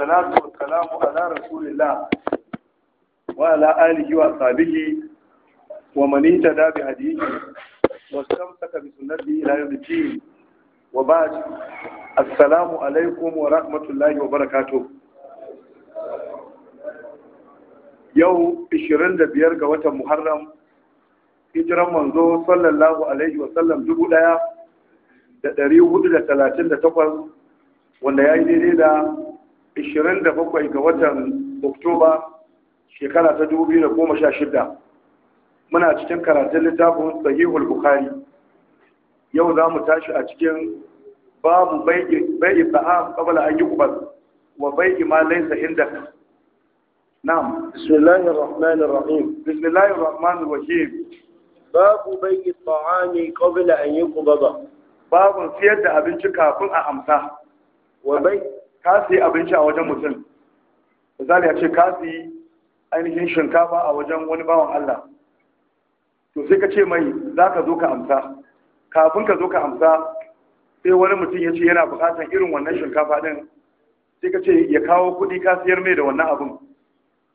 salatu wa salamu ala rasulillah wa ala alihi wa sabihi wa manita da bi hadisi wa samtaka bi sunnati ila yawm al-din wa ba'd assalamu alaikum wa rahmatullahi wa barakatuh yau 25 ga watan muharram hijran manzo sallallahu alaihi wa sallam dubu daya da 438 wanda ya yi daidai da 27 ga watan oktoba shekara ta 2016 muna cikin karatun littafin sahihul bukhari yau za mu tashi a cikin babu bai'i ta'am kabala an yi yuqbal wa bai'i ma laisa inda na'am bismillahir rahmanir rahim bismillahir rahmanir rahim babu bai'i ta'ami kabala an yi ba. babu siyar da abinci kafin a amsa wa bai'i ka sayi abinci a wajen mutum misali a ce ka sayi ainihin shinkafa a wajen wani bawan Allah to sai ka ce mai za ka zo ka amsa kafin ka zo ka amsa sai wani mutum ya ce yana buƙatar irin wannan shinkafa ɗin sai ka ce ya kawo kuɗi ka siyar mai da wannan abin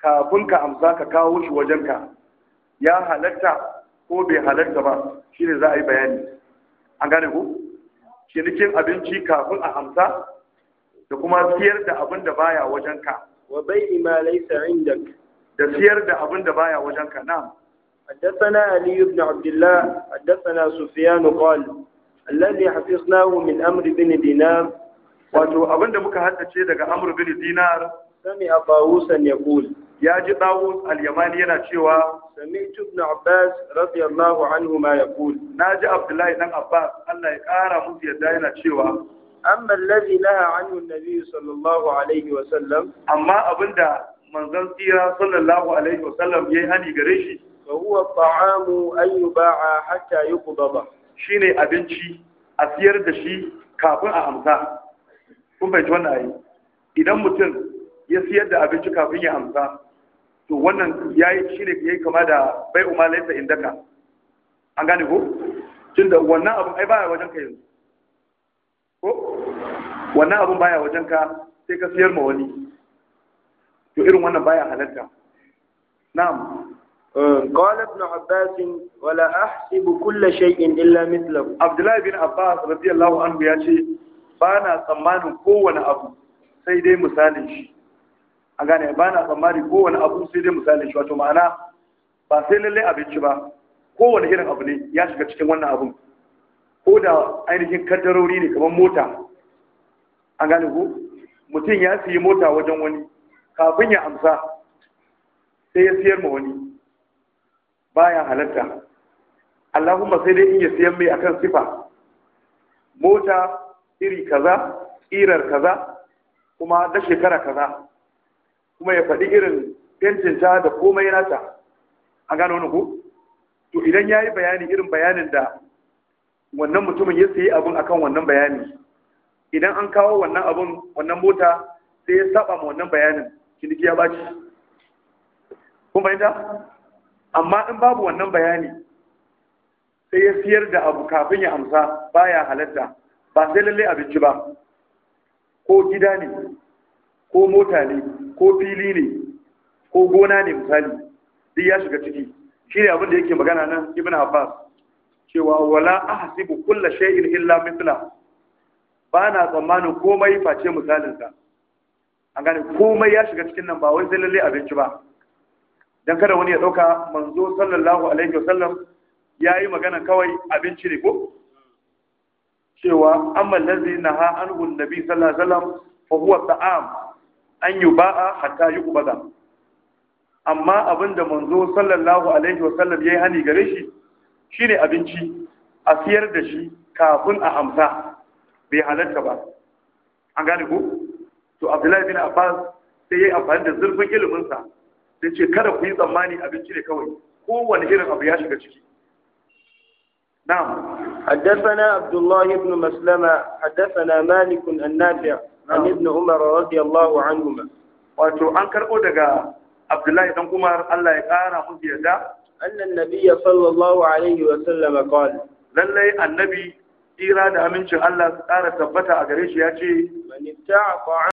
kafin ka amsa ka kawo shi wajen ka. ya halatta ko bai halatta ba shine za a yi bayani an gane ku cinikin abinci kafin a amsa da kuma siyar da abin da baya wajenka. wa bai'i ma laysa indak da siyar da abin da baya wajen ka na'am حدثنا علي بن عبد الله حدثنا سفيان قال الذي حفظناه من امر بن دينار wato abinda muka haddace daga Amr bin Dinar sami Abawusan ya kul ya ji Dawud al-Yamani yana cewa sami Ibn Abbas radiyallahu anhu ma ya kul naji Abdullahi dan Abbas Allah ya kara musu yadda yana cewa أما الذي نهى عنه النبي sallallahu alaihi wa sallam amma abinda دا tsira sallallahu alaihi wa sallam yayi hani gare shi fa huwa ta'amu an yuba'a hatta yuqdaba shine abinci a siyar da shi kafin a amsa kun bai wannan ayi to wannan yayi shine yayi kama da bai umma laysa indaka an gane ko tunda wannan abu ai baya wajen ka yanzu ko wannan abun baya wajen ka sai ka siyar ma wani to irin wannan baya halatta na'am قال ابن عباس ولا أحسب كل شيء إلا مثله عبد الله بن عباس رضي الله عنه ba بانا tsammanin kowane abu sai dai misalin shi a gane ba na tsammanin kowane abu sai dai misalin shi wato ma'ana ba sai lalle abinci ba kowane irin abu ne ya shiga cikin wannan abun ko da ainihin kaddarori ne kamar mota an gane ku, mutum ya siyi mota wajen wani kafin ya amsa sai ya siyar ma wani baya halatta Allahumma sai dai in ya siyan mai akan sifa mota iri kaza irar kaza kuma da shekara kaza kuma ya faɗi irin fentinta da komai nata an gano wani ku, to idan ya yi bayani irin bayanin da wannan mutumin ya sayi abin akan wannan bayani idan an kawo wannan abin wannan mota sai ya saba ma wannan bayanin ciniki ya baci kun fahimta amma in babu wannan bayani sai ya siyar da abu kafin ya amsa baya halatta ba sai lalle abinci ba ko gida ne ko mota ne ko fili ne ko gona ne misali duk ya shiga ciki shi ne abin da yake magana nan ibn abbas cewa wala ahsibu kulla shay'in illa mithla ba na tsammanin komai face misalin sa an gane komai ya shiga cikin nan ba wai sai lalle abinci ba dan kada wani ya dauka manzo sallallahu alaihi wasallam yayi magana kawai abinci ne ko cewa amma allazi naha anhu Nabi sallallahu alaihi wasallam fa huwa ta'am an yuba'a hatta yuqbada amma abinda manzo sallallahu alaihi wasallam yayi hani gare shi shine abinci a siyar da shi kafin a amsa bai halatta ba an gane ku? to abdullahi bin abbas sai ya yi amfani da zurfin iliminsa sai ce kada ku yi tsammani abinci ne kawai kowane irin abu ya shiga ciki نعم حدثنا عبد الله بن مسلمة حدثنا مالك النافع عن ابن عمر رضي الله عنهما wato an karɓo daga abdullahi dan umar allah ya ƙara musu yadda annan nabiyya sallallahu alaihi wa sallam qala lallai annabi tsira da amincin Allah su ƙara tabbata a gare shi ya ce man